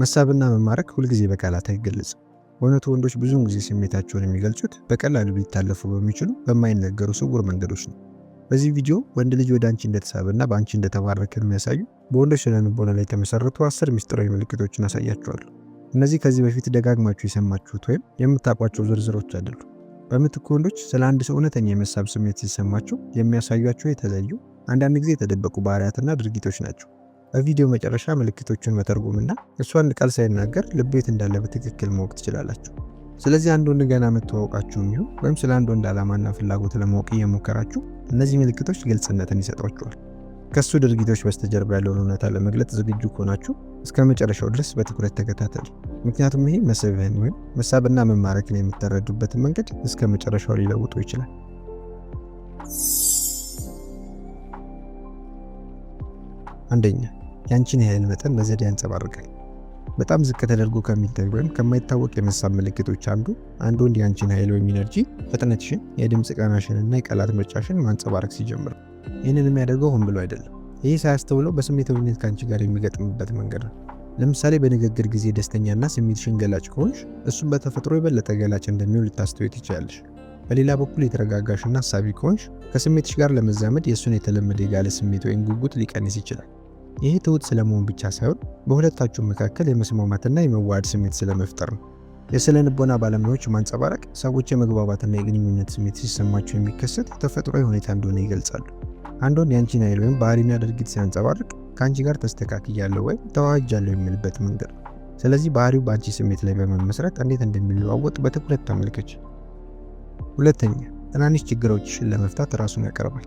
መሳብና መማረክ ሁልጊዜ በቃላት አይገለጽም። በእውነቱ ወንዶች ብዙውን ጊዜ ስሜታቸውን የሚገልጹት በቀላሉ ሊታለፉ በሚችሉ በማይነገሩ ስውር መንገዶች ነው። በዚህ ቪዲዮ ወንድ ልጅ ወደ አንቺ እንደተሳበና በአንቺ እንደተባረከ የሚያሳዩ በወንዶች ስነ ልቦና ላይ የተመሰረቱ አስር ሚስጥራዊ ምልክቶችን አሳያቸዋለሁ። እነዚህ ከዚህ በፊት ደጋግማችሁ የሰማችሁት ወይም የምታውቋቸው ዝርዝሮች አይደሉ። በምትኩ ወንዶች ስለ አንድ ሰው እውነተኛ የመሳብ ስሜት ሲሰማቸው የሚያሳዩቸው የተለዩ አንዳንድ ጊዜ የተደበቁ ባህሪያትና ድርጊቶች ናቸው። በቪዲዮ መጨረሻ ምልክቶቹን መተርጎምና እሱ አንድ ቃል ሳይናገር ልቤት እንዳለ በትክክል ማወቅ ትችላላችሁ። ስለዚህ አንድ ወንድ ገና መተዋወቃችሁ የሚሆን ወይም ስለ አንድ ወንድ ዓላማና ፍላጎት ለማወቅ እየሞከራችሁ፣ እነዚህ ምልክቶች ግልጽነትን ይሰጧችኋል። ከእሱ ድርጊቶች በስተጀርባ ያለውን እውነታ ለመግለጽ ዝግጁ ከሆናችሁ እስከ መጨረሻው ድረስ በትኩረት ተከታተሉ። ምክንያቱም ይሄ መስህብህን ወይም መሳብና መማረክን የምትረዱበትን መንገድ እስከ መጨረሻው ሊለውጡ ይችላል። አንደኛ ያንቺን የኃይል መጠን በዘዴ ያንጸባርቃል። በጣም ዝቅ ተደርጎ ከሚታይ ወይም ከማይታወቅ የመሳብ ምልክቶች አንዱ አንድ ወንድ የአንቺን ኃይል ወይም ኢነርጂ፣ ፍጥነትሽን፣ የድምፅ ቃናሽን እና የቃላት ምርጫሽን ማንጸባረቅ ሲጀምር፣ ይህንን የሚያደርገው ሆን ብሎ አይደለም። ይህ ሳያስተውለው በስሜታዊነት ከአንቺ ጋር የሚገጥምበት መንገድ ነው። ለምሳሌ በንግግር ጊዜ ደስተኛና ስሜትሽን ገላጭ ከሆንሽ እሱም በተፈጥሮ የበለጠ ገላጭ እንደሚሆን ልታስተውይ ትችያለሽ። በሌላ በኩል የተረጋጋሽና ሀሳቢ ከሆንሽ ከስሜትሽ ጋር ለመዛመድ የእሱን የተለመደ የጋለ ስሜት ወይም ጉጉት ሊቀንስ ይችላል። ይህ ትሁት ስለመሆን ብቻ ሳይሆን በሁለታችሁ መካከል የመስማማትና የመዋሃድ ስሜት ስለመፍጠር ነው። የስነ ልቦና ባለሙያዎች ማንጸባረቅ ሰዎች የመግባባትና የግንኙነት ስሜት ሲሰማቸው የሚከሰት ተፈጥሯዊ ሁኔታ እንደሆነ ይገልጻሉ። አንዱን የአንቺን ኃይል ወይም ባህሪና ድርጊት ሲያንጸባርቅ ከአንቺ ጋር ተስተካክያለሁ ወይም ተዋህጃለሁ የሚልበት መንገድ ነው። ስለዚህ ባህሪው በአንቺ ስሜት ላይ በመመስረት እንዴት እንደሚለዋወጥ በትኩረት ተመልከች። ሁለተኛ፣ ትናንሽ ችግሮች ለመፍታት ራሱን ያቀርባል።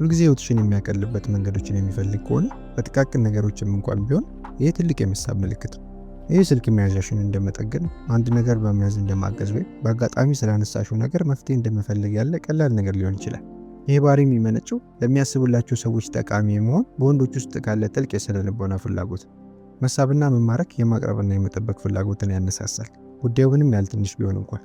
ሁልጊዜ ህይወትሽን የሚያቀልበት መንገዶችን የሚፈልግ ከሆነ በጥቃቅን ነገሮችም እንኳን ቢሆን ይህ ትልቅ የመሳብ ምልክት ነው። ይህ ስልክ መያዣሽን እንደመጠገን አንድ ነገር በመያዝ እንደማገዝ ወይም በአጋጣሚ ስላነሳሽው ነገር መፍትሄ እንደመፈለግ ያለ ቀላል ነገር ሊሆን ይችላል። ይህ ባህሪ የሚመነጨው ለሚያስቡላቸው ሰዎች ጠቃሚ የመሆን በወንዶች ውስጥ ካለ ጥልቅ የስነ ልቦና ፍላጎት መሳብና መማረክ የማቅረብና የመጠበቅ ፍላጎትን ያነሳሳል። ጉዳዩ ምንም ያህል ትንሽ ቢሆን እንኳን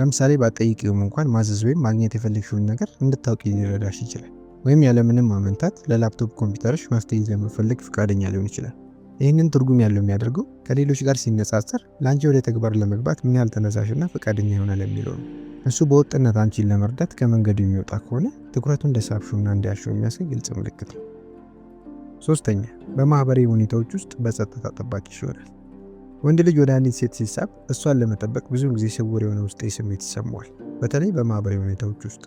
ለምሳሌ ባጠይቅም እንኳን ማዘዝ ወይም ማግኘት የፈለግሽውን ነገር እንድታውቂ ሊረዳሽ ይችላል። ወይም ያለምንም ማመንታት ለላፕቶፕ ኮምፒውተሮች መፍትሄ ለመፈለግ ፈቃደኛ ሊሆን ይችላል። ይህንን ትርጉም ያለው የሚያደርገው ከሌሎች ጋር ሲነጻጸር ለአንቺ ወደ ተግባር ለመግባት ምን ያህል ተነሳሽና ፈቃደኛ ይሆናል የሚለው ነው። እሱ በወጥነት አንቺን ለመርዳት ከመንገዱ የሚወጣ ከሆነ ትኩረቱ እንደሳብሹና እንዲያሹ የሚያሳይ ግልጽ ምልክት ነው። ሶስተኛ በማህበራዊ ሁኔታዎች ውስጥ በጸጥታ ጠባቂ ይሆናል። ወንድ ልጅ ወደ አንዲት ሴት ሲሳብ እሷን ለመጠበቅ ብዙ ጊዜ ስውር የሆነ ውስጤ ስሜት ይሰማዋል፣ በተለይ በማህበራዊ ሁኔታዎች ውስጥ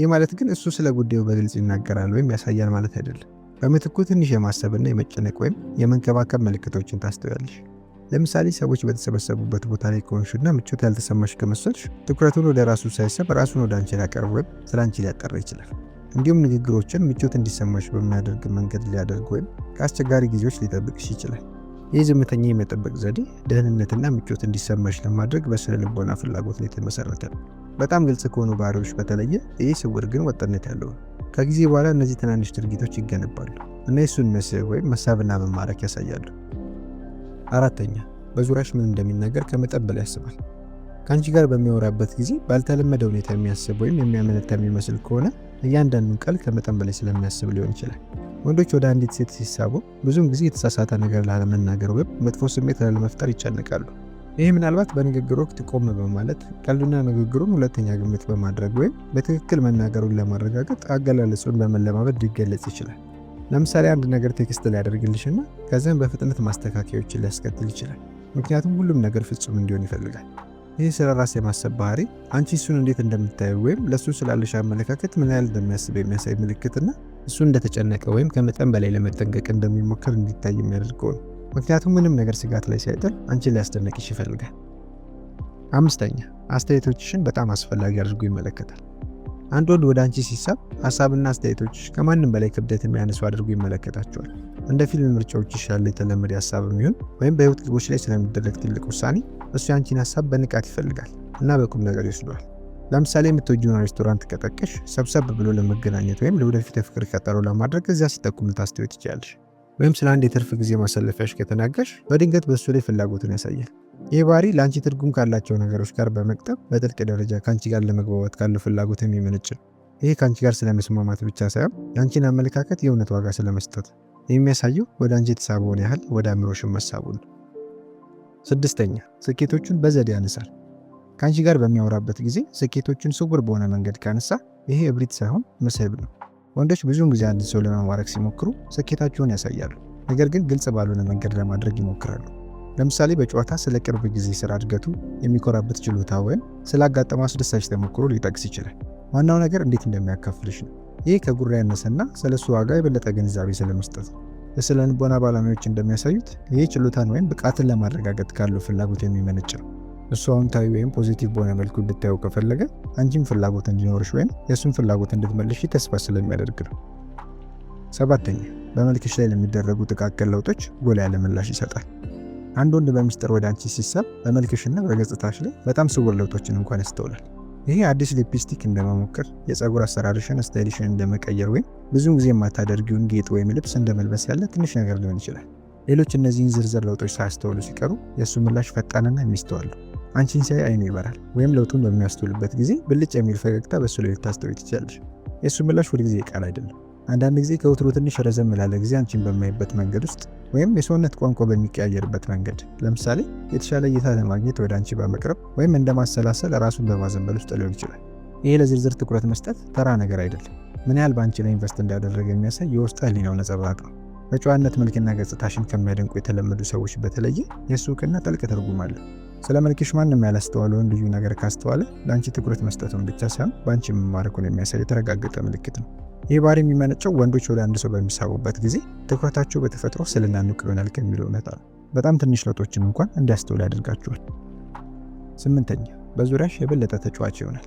ይህ ማለት ግን እሱ ስለ ጉዳዩ በግልጽ ይናገራል ወይም ያሳያል ማለት አይደለም። በምትኩ ትንሽ የማሰብና የመጨነቅ ወይም የመንከባከብ ምልክቶችን ታስተውያለሽ። ለምሳሌ ሰዎች በተሰበሰቡበት ቦታ ላይ ከሆንሽና ምቾት ያልተሰማሽ ከመሰልሽ ትኩረቱን ወደ ራሱ ሳይሰብ ራሱን ወደ አንቺ ሊያቀርብ ወይም ስለ አንቺ ሊያጠራ ይችላል። እንዲሁም ንግግሮችን ምቾት እንዲሰማሽ በሚያደርግ መንገድ ሊያደርግ ወይም ከአስቸጋሪ ጊዜዎች ሊጠብቅሽ ይችላል። ይህ ዝምተኛ የመጠበቅ ዘዴ ደህንነትና ምቾት እንዲሰማሽ ለማድረግ በስነ ልቦና ፍላጎት ላይ የተመሰረተ ነው። በጣም ግልጽ ከሆኑ ባህሪዎች በተለየ ይህ ስውር ግን ወጥነት ያለው ነው። ከጊዜ በኋላ እነዚህ ትናንሽ ድርጊቶች ይገነባሉ እና የሱን መስህብ ወይም መሳብና መማረክ ያሳያሉ። አራተኛ በዙሪያሽ ምን እንደሚነገር ከመጠን በላይ ያስባል። ከአንቺ ጋር በሚያወራበት ጊዜ ባልተለመደ ሁኔታ የሚያስብ ወይም የሚያመነታ የሚመስል ከሆነ እያንዳንዱን ቃል ከመጠን በላይ ስለሚያስብ ሊሆን ይችላል። ወንዶች ወደ አንዲት ሴት ሲሳቡ ብዙውን ጊዜ የተሳሳተ ነገር ላለመናገር ወይም መጥፎ ስሜት ላለመፍጠር ይጨነቃሉ። ይህ ምናልባት በንግግር ወቅት ቆም በማለት ቀልዱና ንግግሩን ሁለተኛ ግምት በማድረግ ወይም በትክክል መናገሩን ለማረጋገጥ አገላለጹን በመለማመድ ሊገለጽ ይችላል። ለምሳሌ አንድ ነገር ቴክስት ሊያደርግልሽና ከዚያም በፍጥነት ማስተካከያዎችን ሊያስከትል ይችላል። ምክንያቱም ሁሉም ነገር ፍጹም እንዲሆን ይፈልጋል። ይህ ስለ ራስ የማሰብ ባህሪ አንቺ እሱን እንዴት እንደምታየው ወይም ለእሱ ስላለሽ አመለካከት ምን ያህል እንደሚያስብ የሚያሳይ ምልክትና እሱ እንደተጨነቀ ወይም ከመጠን በላይ ለመጠንቀቅ እንደሚሞከር እንዲታይ የሚያደርገው ነው። ምክንያቱም ምንም ነገር ስጋት ላይ ሳይጥል አንቺን ሊያስደንቅሽ ይፈልጋል። አምስተኛ አስተያየቶችሽን በጣም አስፈላጊ አድርጎ ይመለከታል። አንድ ወንድ ወደ አንቺ ሲሳብ ሀሳብና አስተያየቶችሽ ከማንም በላይ ክብደት የሚያነሱ አድርጎ ይመለከታቸዋል። እንደ ፊልም ምርጫዎችሽ ያለ የተለመደ ሀሳብ የሚሆን ወይም በህይወት ግቦች ላይ ስለሚደረግ ትልቅ ውሳኔ እሱ የአንቺን ሀሳብ በንቃት ይፈልጋል እና በቁም ነገር ይወስዷል። ለምሳሌ የምትወጂውን ሬስቶራንት ከጠቀሽ ሰብሰብ ብሎ ለመገናኘት ወይም ለወደፊት የፍቅር ቀጠሮ ለማድረግ እዚያ ሲጠቁም ልታስተውይ ትችያለሽ። ወይም ስለ አንድ የትርፍ ጊዜ ማሳለፊያዎች ከተናገርሽ በድንገት በሱ ላይ ፍላጎትን ያሳያል። ይህ ባህሪ ለአንቺ ትርጉም ካላቸው ነገሮች ጋር በመቅጠብ በጥልቅ ደረጃ ከአንቺ ጋር ለመግባባት ካለው ፍላጎት የሚመነጭ ነው። ይህ ከአንቺ ጋር ስለመስማማት ብቻ ሳይሆን የአንቺን አመለካከት የእውነት ዋጋ ስለመስጠት የሚያሳየው ወደ አንቺ የተሳበውን ያህል ወደ አእምሮሽን መሳቡን ነው። ስድስተኛ ስኬቶቹን በዘዴ ያነሳል። ከአንቺ ጋር በሚያወራበት ጊዜ ስኬቶቹን ስውር በሆነ መንገድ ካነሳ ይሄ እብሪት ሳይሆን መስህብ ነው። ወንዶች ብዙውን ጊዜ አንድ ሰው ለመማረክ ሲሞክሩ ስኬታቸውን ያሳያሉ፣ ነገር ግን ግልጽ ባልሆነ መንገድ ለማድረግ ይሞክራሉ። ለምሳሌ በጨዋታ ስለ ቅርብ ጊዜ ስራ እድገቱ፣ የሚኮራበት ችሎታ ወይም ስላጋጠመ አስደሳች ተሞክሮ ሊጠቅስ ይችላል። ዋናው ነገር እንዴት እንደሚያካፍልሽ ነው። ይህ ከጉራ ያነሰና ስለ ዋጋ የበለጠ ግንዛቤ ስለመስጠት ነው። የስነ ልቦና ባለሙያዎች እንደሚያሳዩት ይህ ችሎታን ወይም ብቃትን ለማረጋገጥ ካለው ፍላጎት የሚመነጭ ነው። እሱ አዎንታዊ ወይም ፖዚቲቭ በሆነ መልኩ እንድታየው ከፈለገ አንቺም ፍላጎት እንዲኖርሽ ወይም የእሱን ፍላጎት እንድትመልሽ ተስፋ ስለሚያደርግ ነው። ሰባተኛ በመልክሽ ላይ ለሚደረጉ ጥቃቅን ለውጦች ጎላ ያለ ምላሽ ይሰጣል። አንድ ወንድ በሚስጥር ወደ አንቺ ሲሳብ በመልክሽና በገጽታሽ ላይ በጣም ስውር ለውጦችን እንኳን ያስተውላል። ይሄ አዲስ ሊፕስቲክ እንደመሞከር፣ የፀጉር አሰራርሽን ስታይልሽን እንደመቀየር ወይም ብዙ ጊዜ የማታደርጊውን ጌጥ ወይም ልብስ እንደመልበስ ያለ ትንሽ ነገር ሊሆን ይችላል። ሌሎች እነዚህን ዝርዝር ለውጦች ሳያስተውሉ ሲቀሩ የእሱ ምላሽ ፈጣንና የሚስተዋል ነው። አንቺን ሲያይ አይኑ ይበራል፣ ወይም ለውጡን በሚያስተውልበት ጊዜ ብልጭ የሚል ፈገግታ በእሱ ላይ ልታስተው ትችላለሽ። የእሱ ምላሽ ሁልጊዜ ቃል አይደለም። አንዳንድ ጊዜ ከወትሮ ትንሽ ረዘም ላለ ጊዜ አንቺን በማይበት መንገድ ውስጥ ወይም የሰውነት ቋንቋ በሚቀያየርበት መንገድ፣ ለምሳሌ የተሻለ እይታ ለማግኘት ወደ አንቺ በመቅረብ ወይም እንደ ማሰላሰል ራሱን በማዘንበል ውስጥ ሊሆን ይችላል። ይሄ ለዝርዝር ትኩረት መስጠት ተራ ነገር አይደለም። ምን ያህል በአንቺ ላይ ኢንቨስት እንዳደረገ የሚያሳይ የውስጥ ህሊናው ነጸብራቅ ነው። በጨዋነት መልክና ገጽታሽን ከሚያደንቁ የተለመዱ ሰዎች በተለየ የእሱ እውቅና ጥልቅ ትርጉም አለው። ስለ መልክሽ ማንም ያላስተዋለውን ልዩ ነገር ካስተዋለ ለአንቺ ትኩረት መስጠቱን ብቻ ሳይሆን በአንቺ መማረኩን የሚያሳይ የተረጋገጠ ምልክት ነው። ይህ ባህሪ የሚመነጨው ወንዶች ወደ አንድ ሰው በሚሳቡበት ጊዜ ትኩረታቸው በተፈጥሮ ስልና ንቁ ይሆናል ከሚል እውነታ ነው። በጣም ትንሽ ለውጦችን እንኳን እንዲያስተውል ያደርጋቸዋል። ስምንተኛ በዙሪያሽ የበለጠ ተጫዋች ይሆናል።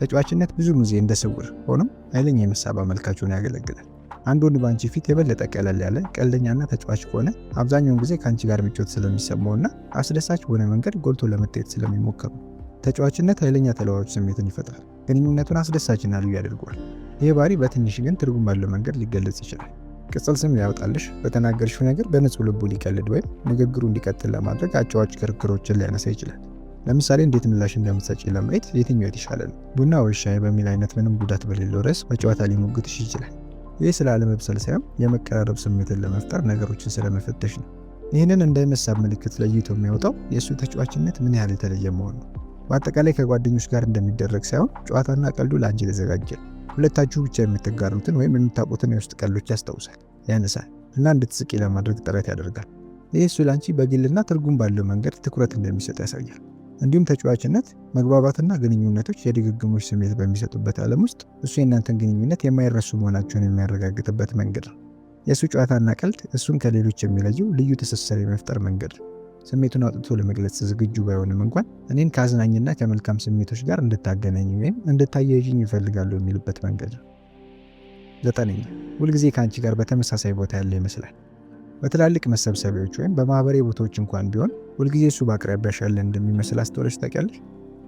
ተጫዋችነት ብዙ ጊዜ እንደ ስውር ሆኖም ኃይለኛ የመሳብ አመልካች ያገለግላል። አንድ ወንድ በአንቺ ፊት የበለጠ ቀለል ያለ ቀልደኛና ተጫዋች ከሆነ አብዛኛውን ጊዜ ከአንቺ ጋር ምቾት ስለሚሰማውና አስደሳች በሆነ መንገድ ጎልቶ ለመታየት ስለሚሞከሩ ተጫዋችነት ኃይለኛ ተለዋዋጭ ስሜትን ይፈጥራል፣ ግንኙነቱን አስደሳችና ልዩ ያደርገዋል። ይህ ባህሪ በትንሽ ግን ትርጉም ባለው መንገድ ሊገለጽ ይችላል። ቅጽል ስም ሊያወጣልሽ፣ በተናገርሽው ነገር በንጹህ ልቡ ሊቀልድ ወይም ንግግሩ እንዲቀጥል ለማድረግ አጫዋች ክርክሮችን ሊያነሳ ይችላል። ለምሳሌ እንዴት ምላሽ እንደምትሰጪ ለማየት የትኛው የተሻለ ነው፣ ቡና ወይ ሻይ በሚል አይነት ምንም ጉዳት በሌለው ርዕስ በጨዋታ ሊሞግትሽ ይችላል። ይህ ስለ አለመብሰል ሳይሆን የመቀራረብ ስሜትን ለመፍጠር ነገሮችን ስለመፈተሽ ነው። ይህንን እንደ መሳብ ምልክት ለይቶ የሚያወጣው የእሱ ተጫዋችነት ምን ያህል የተለየ መሆኑ ነው። በአጠቃላይ ከጓደኞች ጋር እንደሚደረግ ሳይሆን ጨዋታና ቀልዱ ለአንቺ የተዘጋጀ ሁለታችሁ ብቻ የምትጋሩትን ወይም የምታውቁትን የውስጥ ቀልዶች ያስታውሳል፣ ያነሳል እና እንድትስቂ ለማድረግ ጥረት ያደርጋል። ይህ እሱ ለአንቺ በግልና ትርጉም ባለው መንገድ ትኩረት እንደሚሰጥ ያሳያል። እንዲሁም ተጫዋችነት መግባባትና ግንኙነቶች የድግግሞች ስሜት በሚሰጡበት ዓለም ውስጥ እሱ የእናንተን ግንኙነት የማይረሱ መሆናቸውን የሚያረጋግጥበት መንገድ ነው። የእሱ ጨዋታና ቀልድ እሱን ከሌሎች የሚለየው ልዩ ትስስር የመፍጠር መንገድ ስሜቱን አውጥቶ ለመግለጽ ዝግጁ ባይሆንም እንኳን እኔን ከአዝናኝና ከመልካም ስሜቶች ጋር እንድታገናኝ ወይም እንድታያይዥኝ ይፈልጋሉ የሚልበት መንገድ ነው። ዘጠነኛ ሁልጊዜ ከአንቺ ጋር በተመሳሳይ ቦታ ያለ ይመስላል። በትላልቅ መሰብሰቢያዎች ወይም በማህበሬ ቦታዎች እንኳን ቢሆን ሁልጊዜ እሱ በአቅራቢያሽ ያለ እንደሚመስል አስተውለሽ ታውቂያለሽ?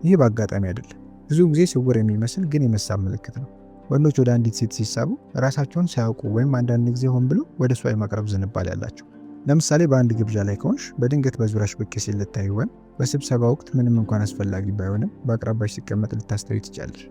ይህ በአጋጣሚ አይደለም። ብዙ ጊዜ ስውር የሚመስል ግን የመሳብ ምልክት ነው። ወንዶች ወደ አንዲት ሴት ሲሳቡ ራሳቸውን ሳያውቁ ወይም አንዳንድ ጊዜ ሆን ብሎ ወደ እሷ የማቅረብ ዝንባሌ ያላቸው። ለምሳሌ በአንድ ግብዣ ላይ ከሆንሽ በድንገት በዙሪያሽ ብቅ ሲል ልታዩ ወይም በስብሰባ ወቅት ምንም እንኳን አስፈላጊ ባይሆንም በአቅራቢያሽ ሲቀመጥ ልታስተዩ ትቻለሽ።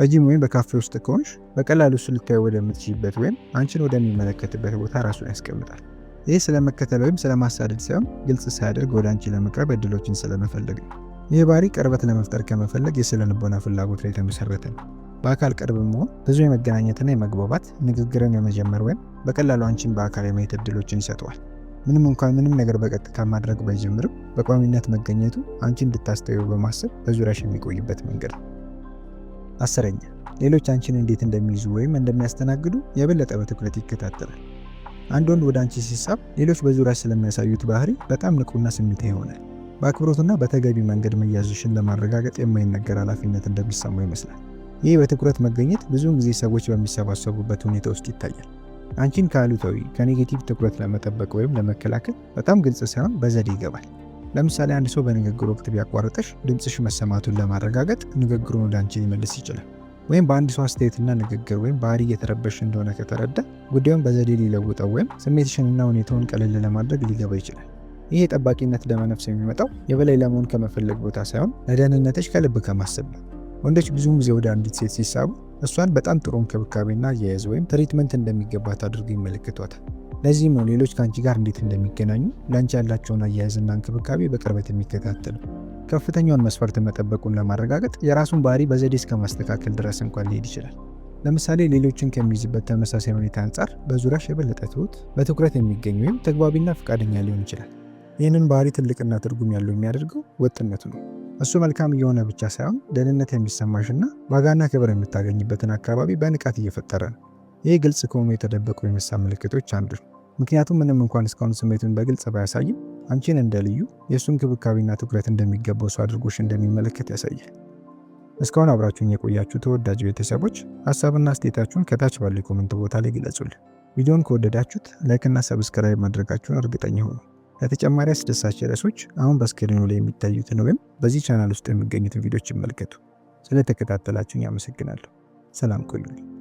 በጂም ወይም በካፌ ውስጥ ከሆንሽ በቀላሉ እሱ ወደምትችይበት ወይም አንቺን ወደሚመለከትበት ቦታ ራሱን ያስቀምጣል። ይህ ስለመከተል ወይም ስለማሳደድ ሳይሆን ግልጽ ሳያደርግ ወደ አንቺ ለመቅረብ እድሎችን ስለመፈለግ ነው። ይህ ባህሪ ቅርበት ለመፍጠር ከመፈለግ የስነ ልቦና ፍላጎት ላይ የተመሰረተ ነው። በአካል ቅርብ መሆን ብዙ የመገናኘትና የመግባባት ንግግርን የመጀመር ወይም በቀላሉ አንቺን በአካል የማየት እድሎችን ይሰጠዋል። ምንም እንኳን ምንም ነገር በቀጥታ ማድረግ ባይጀምርም በቋሚነት መገኘቱ አንቺ እንድታስተውዩ በማሰብ በዙሪያሽ የሚቆይበት መንገድ ነው። አስረኛ ሌሎች አንቺን እንዴት እንደሚይዙ ወይም እንደሚያስተናግዱ የበለጠ በትኩረት ይከታተላል። አንድ ወንድ ወደ አንቺ ሲሳብ ሌሎች በዙሪያ ስለሚያሳዩት ባህሪ በጣም ንቁና ስሜታ ይሆናል። በአክብሮትና በተገቢ መንገድ መያዝሽን ለማረጋገጥ የማይነገር ኃላፊነት እንደሚሰማው ይመስላል። ይህ በትኩረት መገኘት ብዙውን ጊዜ ሰዎች በሚሰባሰቡበት ሁኔታ ውስጥ ይታያል። አንቺን ከአሉታዊ ከኔጌቲቭ ትኩረት ለመጠበቅ ወይም ለመከላከል በጣም ግልጽ ሳይሆን በዘዴ ይገባል። ለምሳሌ አንድ ሰው በንግግር ወቅት ቢያቋርጥሽ ድምፅሽ መሰማቱን ለማረጋገጥ ንግግሩን ወደ አንቺ ሊመልስ ይችላል። ወይም በአንድ ሰው አስተያየትና ንግግር ወይም ባህሪ እየተረበሽ እንደሆነ ከተረዳ ጉዳዩን በዘዴ ሊለውጠው ወይም ስሜትሽንና ሁኔታውን ቀለል ለማድረግ ሊገባ ይችላል። ይህ የጠባቂነት ደመነፍስ የሚመጣው የበላይ ለመሆን ከመፈለግ ቦታ ሳይሆን ለደህንነትሽ ከልብ ከማሰብ ነው። ወንዶች ብዙውን ጊዜ ወደ አንዲት ሴት ሲሳቡ እሷን በጣም ጥሩ እንክብካቤና አያያዝ ወይም ትሪትመንት እንደሚገባት አድርጎ ይመለከቷታል። ለዚህም ነው ሌሎች ከአንቺ ጋር እንዴት እንደሚገናኙ ለአንቺ ያላቸውን አያያዝና እንክብካቤ በቅርበት የሚከታተሉ ከፍተኛውን መስፈርት መጠበቁን ለማረጋገጥ የራሱን ባህሪ በዘዴ እስከማስተካከል ድረስ እንኳን ሊሄድ ይችላል። ለምሳሌ ሌሎችን ከሚይዝበት ተመሳሳይ ሁኔታ አንጻር በዙሪያሽ የበለጠ ትሁት፣ በትኩረት የሚገኝ ወይም ተግባቢና ፈቃደኛ ሊሆን ይችላል። ይህንን ባህሪ ትልቅና ትርጉም ያለው የሚያደርገው ወጥነቱ ነው። እሱ መልካም እየሆነ ብቻ ሳይሆን ደህንነት የሚሰማሽና ዋጋና ክብር የምታገኝበትን አካባቢ በንቃት እየፈጠረ ነው። ይህ ግልጽ ከሆኑ የተደበቁ የመሳ ምልክቶች አንዱ ነው። ምክንያቱም ምንም እንኳን እስካሁን ስሜቱን በግልጽ ባያሳይም አንቺን እንደ ልዩ የእሱን እንክብካቤና ትኩረት እንደሚገባው ሰው አድርጎሽ እንደሚመለከት ያሳያል። እስካሁን አብራችሁን የቆያችሁ ተወዳጅ ቤተሰቦች ሀሳብና አስተያየታችሁን ከታች ባለው ኮሜንት ቦታ ላይ ግለጹልን። ቪዲዮን ከወደዳችሁት ላይክና ሰብስክራይብ ማድረጋችሁን እርግጠኛ ሆኑ። ለተጨማሪ አስደሳች ርዕሶች አሁን በስክሪኑ ላይ የሚታዩትን ወይም በዚህ ቻናል ውስጥ የሚገኙትን ቪዲዮዎች ይመልከቱ። ስለተከታተላችሁን ያመሰግናለሁ። ሰላም ቆዩልኝ።